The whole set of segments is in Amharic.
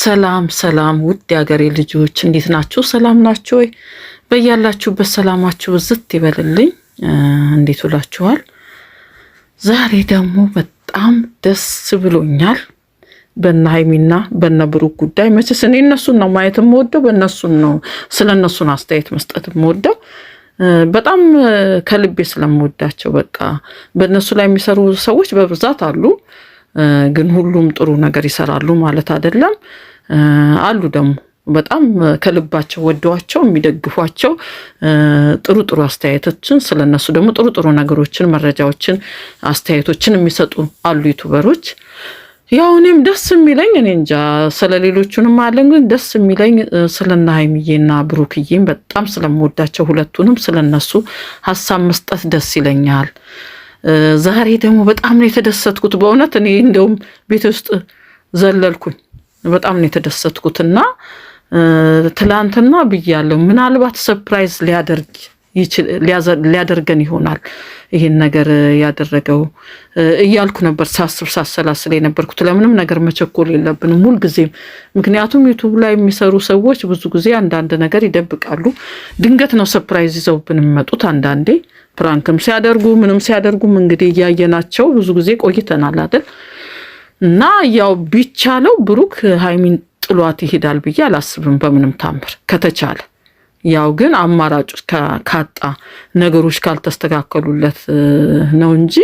ሰላም ሰላም ውድ የአገሬ ልጆች እንዴት ናችሁ? ሰላም ናችሁ ወይ? በያላችሁበት ሰላማችሁ ዝት ይበልልኝ። እንዴት ውላችኋል? ዛሬ ደግሞ በጣም ደስ ብሎኛል በነ ሀይሚና በነ ብሩክ ጉዳይ። መቼስ እኔ እነሱን ነው ማየት የምወደው፣ በእነሱን ነው ስለ እነሱን አስተያየት መስጠት የምወደው በጣም ከልቤ ስለምወዳቸው። በቃ በእነሱ ላይ የሚሰሩ ሰዎች በብዛት አሉ ግን ሁሉም ጥሩ ነገር ይሰራሉ ማለት አይደለም። አሉ ደግሞ በጣም ከልባቸው ወደዋቸው የሚደግፏቸው ጥሩ ጥሩ አስተያየቶችን ስለነሱ ደግሞ ጥሩ ጥሩ ነገሮችን፣ መረጃዎችን፣ አስተያየቶችን የሚሰጡ አሉ ዩቱበሮች። ያው እኔም ደስ የሚለኝ እኔ እንጃ ስለ ሌሎቹንም አለን፣ ግን ደስ የሚለኝ ስለነ ሀይሚዬና ብሩክዬም በጣም ስለምወዳቸው ሁለቱንም ስለነሱ ሀሳብ መስጠት ደስ ይለኛል። ዛሬ ደግሞ በጣም ነው የተደሰትኩት። በእውነት እኔ እንደውም ቤት ውስጥ ዘለልኩኝ። በጣም ነው የተደሰትኩት እና ትላንትና ብያለሁ፣ ምናልባት ሰርፕራይዝ ሊያደርግ ሊያደርገን ይሆናል ይህን ነገር ያደረገው እያልኩ ነበር። ሳስብ ሳሰላስል የነበርኩት ለምንም ነገር መቸኮል የለብንም ሁልጊዜም። ምክንያቱም ዩቱብ ላይ የሚሰሩ ሰዎች ብዙ ጊዜ አንዳንድ ነገር ይደብቃሉ። ድንገት ነው ሰርፕራይዝ ይዘውብን የሚመጡት አንዳንዴ ፕራንክም ሲያደርጉ ምንም ሲያደርጉም እንግዲህ እያየናቸው ብዙ ጊዜ ቆይተናል አይደል? እና ያው ቢቻለው ብሩክ ሀይሚን ጥሏት ይሄዳል ብዬ አላስብም በምንም ታምር ከተቻለ ያው ግን አማራጭ ካጣ ነገሮች ካልተስተካከሉለት ነው እንጂ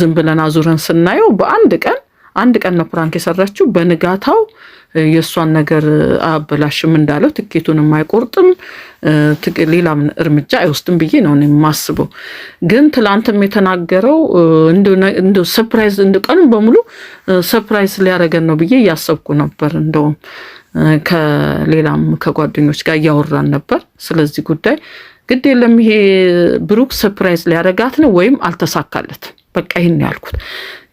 ዝም ብለን አዙረን ስናየው በአንድ ቀን አንድ ቀን ነው ፕራንክ የሰራችው በንጋታው የእሷን ነገር አበላሽም እንዳለው ትኬቱንም አይቆርጥም፣ ሌላም እርምጃ አይወስድም ብዬ ነው የማስበው። ግን ትላንትም የተናገረው ሰፕራይዝ ቀኑን በሙሉ ሰፕራይዝ ሊያደርገን ነው ብዬ እያሰብኩ ነበር። እንደውም ከሌላም ከጓደኞች ጋር እያወራን ነበር ስለዚህ ጉዳይ። ግድ የለም ይሄ ብሩክ ሰፕራይዝ ሊያደርጋት ነው ወይም አልተሳካለትም። በቃ ይህን ያልኩት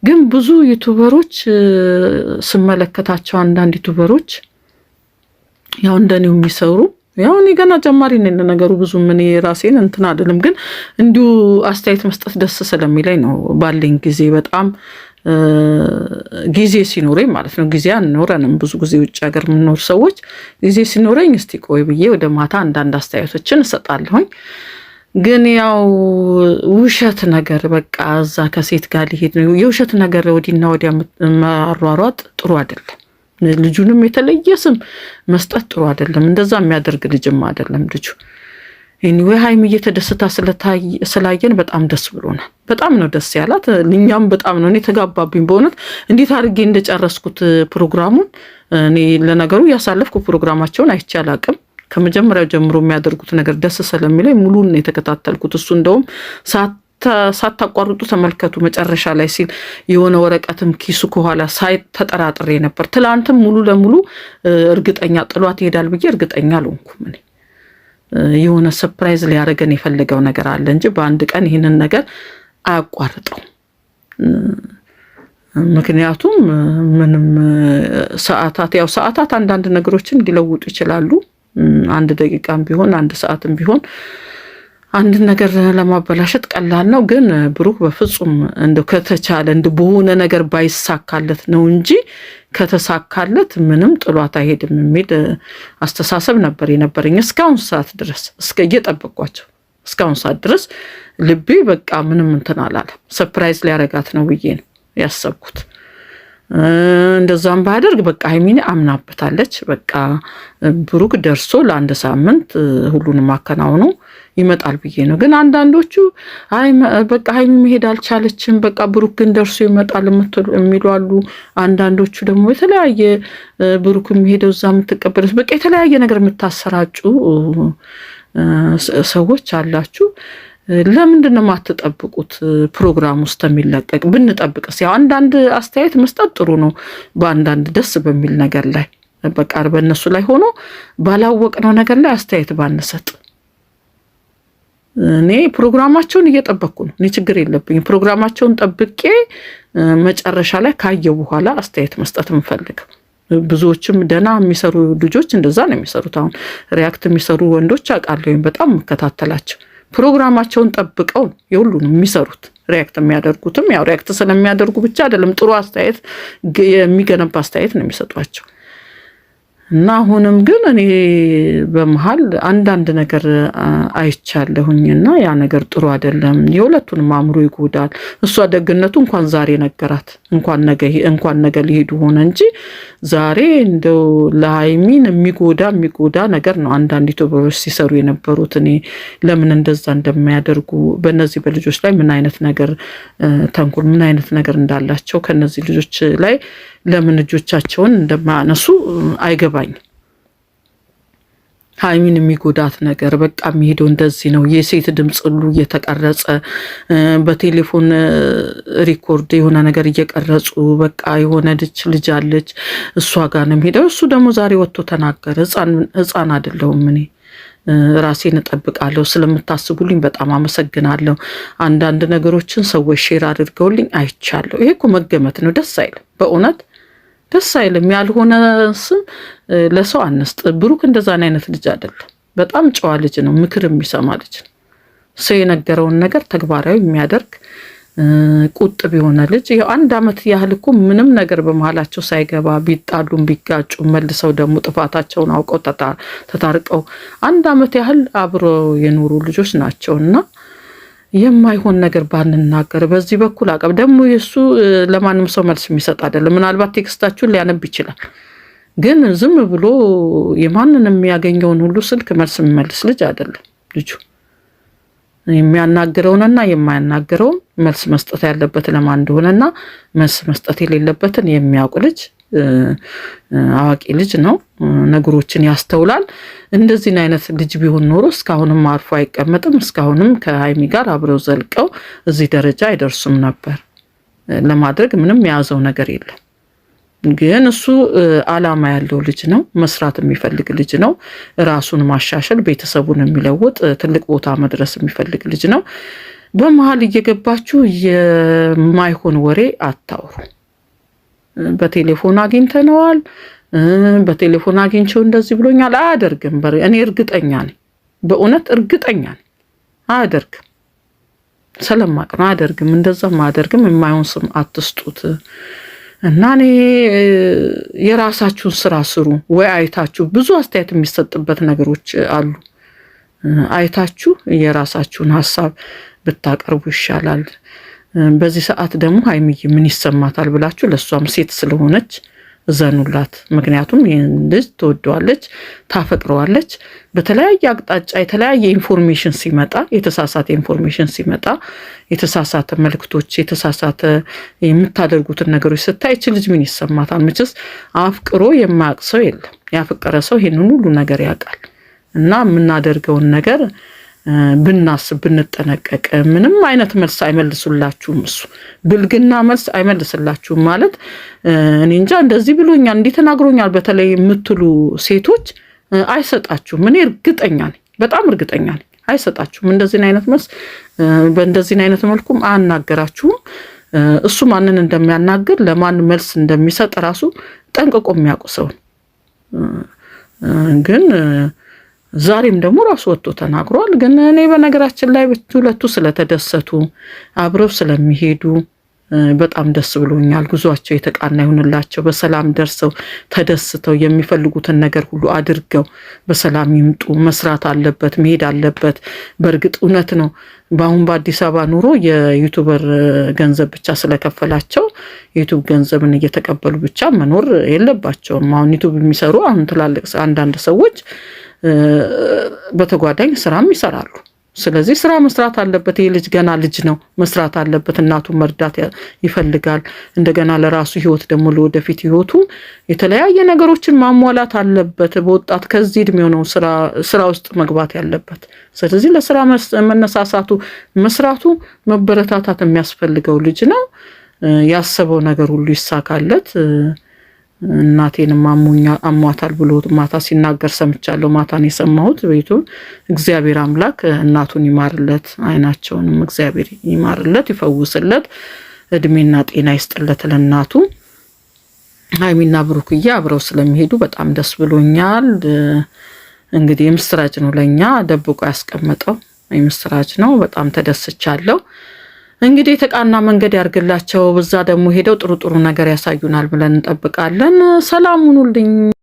ግን ብዙ ዩቱበሮች ስመለከታቸው አንዳንድ ዩቱበሮች ያው እንደኔው የሚሰሩ ያው እኔ ገና ጀማሪ ነኝ ነገሩ ብዙ ምን ራሴን እንትን አይደለም፣ ግን እንዲሁ አስተያየት መስጠት ደስ ስለሚለኝ ነው ባለኝ ጊዜ በጣም ጊዜ ሲኖረኝ ማለት ነው። ጊዜ አንኖረንም ብዙ ጊዜ ውጭ ሀገር የምንኖር ሰዎች ጊዜ ሲኖረኝ እስቲ ቆይ ብዬ ወደ ማታ አንዳንድ አስተያየቶችን እሰጣለሁኝ። ግን ያው ውሸት ነገር በቃ እዛ ከሴት ጋር ሊሄድ ነው የውሸት ነገር ወዲና ወዲያ መሯሯጥ ጥሩ አይደለም። ልጁንም የተለየ ስም መስጠት ጥሩ አይደለም። እንደዛ የሚያደርግ ልጅም አይደለም ልጁ። ኤኒዌይ ሀይም እየተደስታ ስላየን በጣም ደስ ብሎናል። በጣም ነው ደስ ያላት፣ እኛም በጣም ነው። እኔ ተጋባብኝ በእውነት እንዴት አድርጌ እንደጨረስኩት ፕሮግራሙን። እኔ ለነገሩ ያሳለፍኩ ፕሮግራማቸውን አይቼ አላቅም ከመጀመሪያው ጀምሮ የሚያደርጉት ነገር ደስ ስለሚለኝ ሙሉን የተከታተልኩት እሱ እንደውም ሳታቋርጡ ተመልከቱ መጨረሻ ላይ ሲል የሆነ ወረቀትም ኪሱ ከኋላ ሳይ ተጠራጥሬ ነበር። ትላንትም ሙሉ ለሙሉ እርግጠኛ ጥሏት ይሄዳል ብዬ እርግጠኛ አልሆንኩም። እኔ የሆነ ሰፕራይዝ ሊያደርገን የፈለገው ነገር አለ እንጂ በአንድ ቀን ይህንን ነገር አያቋርጠው። ምክንያቱም ምንም ሰዓታት ያው ሰዓታት አንዳንድ ነገሮችን ሊለውጡ ይችላሉ። አንድ ደቂቃም ቢሆን አንድ ሰዓትም ቢሆን አንድን ነገር ለማበላሸት ቀላል ነው። ግን ብሩክ በፍጹም እንደ ከተቻለ እንደ በሆነ ነገር ባይሳካለት ነው እንጂ ከተሳካለት ምንም ጥሏት አይሄድም የሚል አስተሳሰብ ነበር የነበረኝ እስካሁን ሰዓት ድረስ እስከ እየጠበቋቸው እስካሁን ሰዓት ድረስ ልቤ በቃ ምንም እንትን አላለም። ሰፕራይዝ ሊያረጋት ነው ብዬ ነው ያሰብኩት። እንደዛም ባደርግ በቃ ሀይሚኔ አምናበታለች። በቃ ብሩክ ደርሶ ለአንድ ሳምንት ሁሉንም አከናውኖ ይመጣል ብዬ ነው። ግን አንዳንዶቹ በቃ ሀይሚ መሄድ አልቻለችም፣ በቃ ብሩክ ግን ደርሶ ይመጣል የሚሉ አሉ። አንዳንዶቹ ደግሞ የተለያየ ብሩክ የሚሄደው እዛ የምትቀበለች በቃ የተለያየ ነገር የምታሰራጩ ሰዎች አላችሁ። ለምንድን ነው የማትጠብቁት? ፕሮግራም ውስጥ የሚለቀቅ ብንጠብቅስ? ያው አንዳንድ አስተያየት መስጠት ጥሩ ነው። በአንዳንድ ደስ በሚል ነገር ላይ በቃ በእነሱ ላይ ሆኖ ባላወቅነው ነገር ላይ አስተያየት ባንሰጥ። እኔ ፕሮግራማቸውን እየጠበቅኩ ነው። እኔ ችግር የለብኝ። ፕሮግራማቸውን ጠብቄ መጨረሻ ላይ ካየው በኋላ አስተያየት መስጠት ምፈልግ። ብዙዎችም ደህና የሚሰሩ ልጆች እንደዛ ነው የሚሰሩት። አሁን ሪያክት የሚሰሩ ወንዶች አውቃለሁ፣ በጣም የምከታተላቸው ፕሮግራማቸውን ጠብቀው የሁሉንም የሚሰሩት ሪያክት የሚያደርጉትም ያው ሪያክት ስለሚያደርጉ ብቻ አይደለም። ጥሩ አስተያየት፣ የሚገነባ አስተያየት ነው የሚሰጧቸው። እና አሁንም ግን እኔ በመሀል አንዳንድ ነገር አይቻለሁኝ እና ያ ነገር ጥሩ አይደለም። የሁለቱንም አእምሮ ይጎዳል። እሷ ደግነቱ እንኳን ዛሬ ነገራት እንኳን ነገ ሊሄዱ ሆነ እንጂ ዛሬ እንደው ለሀይሚን የሚጎዳ የሚጎዳ ነገር ነው። አንዳንድ ኢትዮጵያዎች ሲሰሩ የነበሩት እኔ ለምን እንደዛ እንደሚያደርጉ በእነዚህ በልጆች ላይ ምን አይነት ነገር ተንኩል ምን አይነት ነገር እንዳላቸው ከነዚህ ልጆች ላይ ለምን እጆቻቸውን እንደማያነሱ አይገባኝም። ሀይሚን የሚጎዳት ነገር በቃ የሚሄደው እንደዚህ ነው። የሴት ድምፅ ሁሉ እየተቀረጸ በቴሌፎን ሪኮርድ የሆነ ነገር እየቀረጹ በቃ የሆነ ልጅ ልጅ አለች እሷ ጋር ነው የሚሄደው። እሱ ደግሞ ዛሬ ወጥቶ ተናገረ። ህፃን አይደለሁም እኔ ራሴን እጠብቃለሁ። ስለምታስቡልኝ በጣም አመሰግናለሁ። አንዳንድ ነገሮችን ሰዎች ሼር አድርገውልኝ አይቻለሁ። ይሄ እኮ መገመት ነው። ደስ አይልም በእውነት ደስ አይልም። ያልሆነ ስም ለሰው አነስጥ። ብሩክ እንደዛን አይነት ልጅ አይደለም። በጣም ጨዋ ልጅ ነው፣ ምክር የሚሰማ ልጅ ነው። ሰው የነገረውን ነገር ተግባራዊ የሚያደርግ ቁጥብ የሆነ ልጅ አንድ ዓመት ያህል እኮ ምንም ነገር በመሀላቸው ሳይገባ ቢጣሉም ቢጋጩ መልሰው ደግሞ ጥፋታቸውን አውቀው ተታርቀው አንድ ዓመት ያህል አብረው የኖሩ ልጆች ናቸው እና የማይሆን ነገር ባንናገር በዚህ በኩል አቀብ ደግሞ የእሱ ለማንም ሰው መልስ የሚሰጥ አይደለም። ምናልባት ቴክስታችሁን ሊያነብ ይችላል፣ ግን ዝም ብሎ የማንን የሚያገኘውን ሁሉ ስልክ መልስ የሚመልስ ልጅ አይደለም። ልጁ የሚያናግረውንና የማያናግረውን መልስ መስጠት ያለበት ለማን እንደሆነና መልስ መስጠት የሌለበትን የሚያውቅ ልጅ አዋቂ ልጅ ነው። ነገሮችን ያስተውላል። እንደዚህን አይነት ልጅ ቢሆን ኖሮ እስካሁንም አርፎ አይቀመጥም። እስካሁንም ከሀይሚ ጋር አብረው ዘልቀው እዚህ ደረጃ አይደርሱም ነበር። ለማድረግ ምንም የያዘው ነገር የለም። ግን እሱ አላማ ያለው ልጅ ነው። መስራት የሚፈልግ ልጅ ነው። ራሱን ማሻሸል፣ ቤተሰቡን የሚለውጥ ትልቅ ቦታ መድረስ የሚፈልግ ልጅ ነው። በመሀል እየገባችሁ የማይሆን ወሬ አታውሩ። በቴሌፎን አግኝተነዋል፣ በቴሌፎን አግኝቼው እንደዚህ ብሎኛል። አያደርግም። እኔ እርግጠኛ ነኝ፣ በእውነት እርግጠኛ ነኝ። አያደርግም፣ ስለማቅ ነው። አያደርግም፣ እንደዛም አያደርግም። የማይሆን ስም አትስጡት። እና እኔ የራሳችሁን ስራ ስሩ። ወይ አይታችሁ ብዙ አስተያየት የሚሰጥበት ነገሮች አሉ። አይታችሁ የራሳችሁን ሀሳብ ብታቀርቡ ይሻላል። በዚህ ሰዓት ደግሞ ሀይሚዬ ምን ይሰማታል ብላችሁ ለእሷም ሴት ስለሆነች ዘኑላት። ምክንያቱም ይህን ልጅ ትወደዋለች፣ ታፈቅረዋለች። በተለያየ አቅጣጫ የተለያየ ኢንፎርሜሽን ሲመጣ የተሳሳተ ኢንፎርሜሽን ሲመጣ የተሳሳተ መልክቶች፣ የተሳሳተ የምታደርጉትን ነገሮች ስታይ ይች ልጅ ምን ይሰማታል? መቼስ አፍቅሮ የማያውቅ ሰው የለም። ያፈቀረ ሰው ይህንን ሁሉ ነገር ያውቃል እና የምናደርገውን ነገር ብናስብ ብንጠነቀቅ፣ ምንም አይነት መልስ አይመልሱላችሁም። እሱ ብልግና መልስ አይመልስላችሁም ማለት እኔ እንጃ፣ እንደዚህ ብሎኛል፣ እንዲህ ተናግሮኛል፣ በተለይ የምትሉ ሴቶች አይሰጣችሁም። እኔ እርግጠኛ ነኝ፣ በጣም እርግጠኛ ነኝ፣ አይሰጣችሁም። እንደዚህን አይነት መልስ በእንደዚህን አይነት መልኩም አያናገራችሁም። እሱ ማንን እንደሚያናግር ለማን መልስ እንደሚሰጥ ራሱ ጠንቅቆ የሚያውቁ ሰውን ግን ዛሬም ደግሞ ራሱ ወጥቶ ተናግሯል። ግን እኔ በነገራችን ላይ ሁለቱ ስለተደሰቱ አብረው ስለሚሄዱ በጣም ደስ ብሎኛል። ጉዟቸው የተቃና ይሁንላቸው። በሰላም ደርሰው ተደስተው የሚፈልጉትን ነገር ሁሉ አድርገው በሰላም ይምጡ። መስራት አለበት፣ መሄድ አለበት። በእርግጥ እውነት ነው። በአሁን በአዲስ አበባ ኑሮ የዩቱበር ገንዘብ ብቻ ስለከፈላቸው ዩቱብ ገንዘብን እየተቀበሉ ብቻ መኖር የለባቸውም። አሁን ዩቱብ የሚሰሩ አሁን ትላልቅ አንዳንድ ሰዎች በተጓዳኝ ስራም ይሰራሉ። ስለዚህ ስራ መስራት አለበት። ይህ ልጅ ገና ልጅ ነው፣ መስራት አለበት። እናቱን መርዳት ይፈልጋል። እንደገና ለራሱ ህይወት ደግሞ ለወደፊት ህይወቱ የተለያየ ነገሮችን ማሟላት አለበት። በወጣት ከዚህ እድሜው ነው ስራ ውስጥ መግባት ያለበት። ስለዚህ ለስራ መነሳሳቱ፣ መስራቱ፣ መበረታታት የሚያስፈልገው ልጅ ነው። ያሰበው ነገር ሁሉ ይሳካለት። እናቴንም አሟታል ብሎ ማታ ሲናገር ሰምቻለሁ። ማታን የሰማሁት ቤቱ እግዚአብሔር አምላክ እናቱን ይማርለት፣ አይናቸውንም እግዚአብሔር ይማርለት፣ ይፈውስለት፣ እድሜና ጤና ይስጥለት ለእናቱ። ሀይሚና ብሩክዬ አብረው ስለሚሄዱ በጣም ደስ ብሎኛል። እንግዲህ የምስራች ነው ለእኛ ደብቆ ያስቀመጠው የምስራች ነው። በጣም ተደስቻለሁ። እንግዲህ የተቃና መንገድ ያርግላቸው። በዛ ደግሞ ሄደው ጥሩ ጥሩ ነገር ያሳዩናል ብለን እንጠብቃለን። ሰላሙን ሁኑልኝ።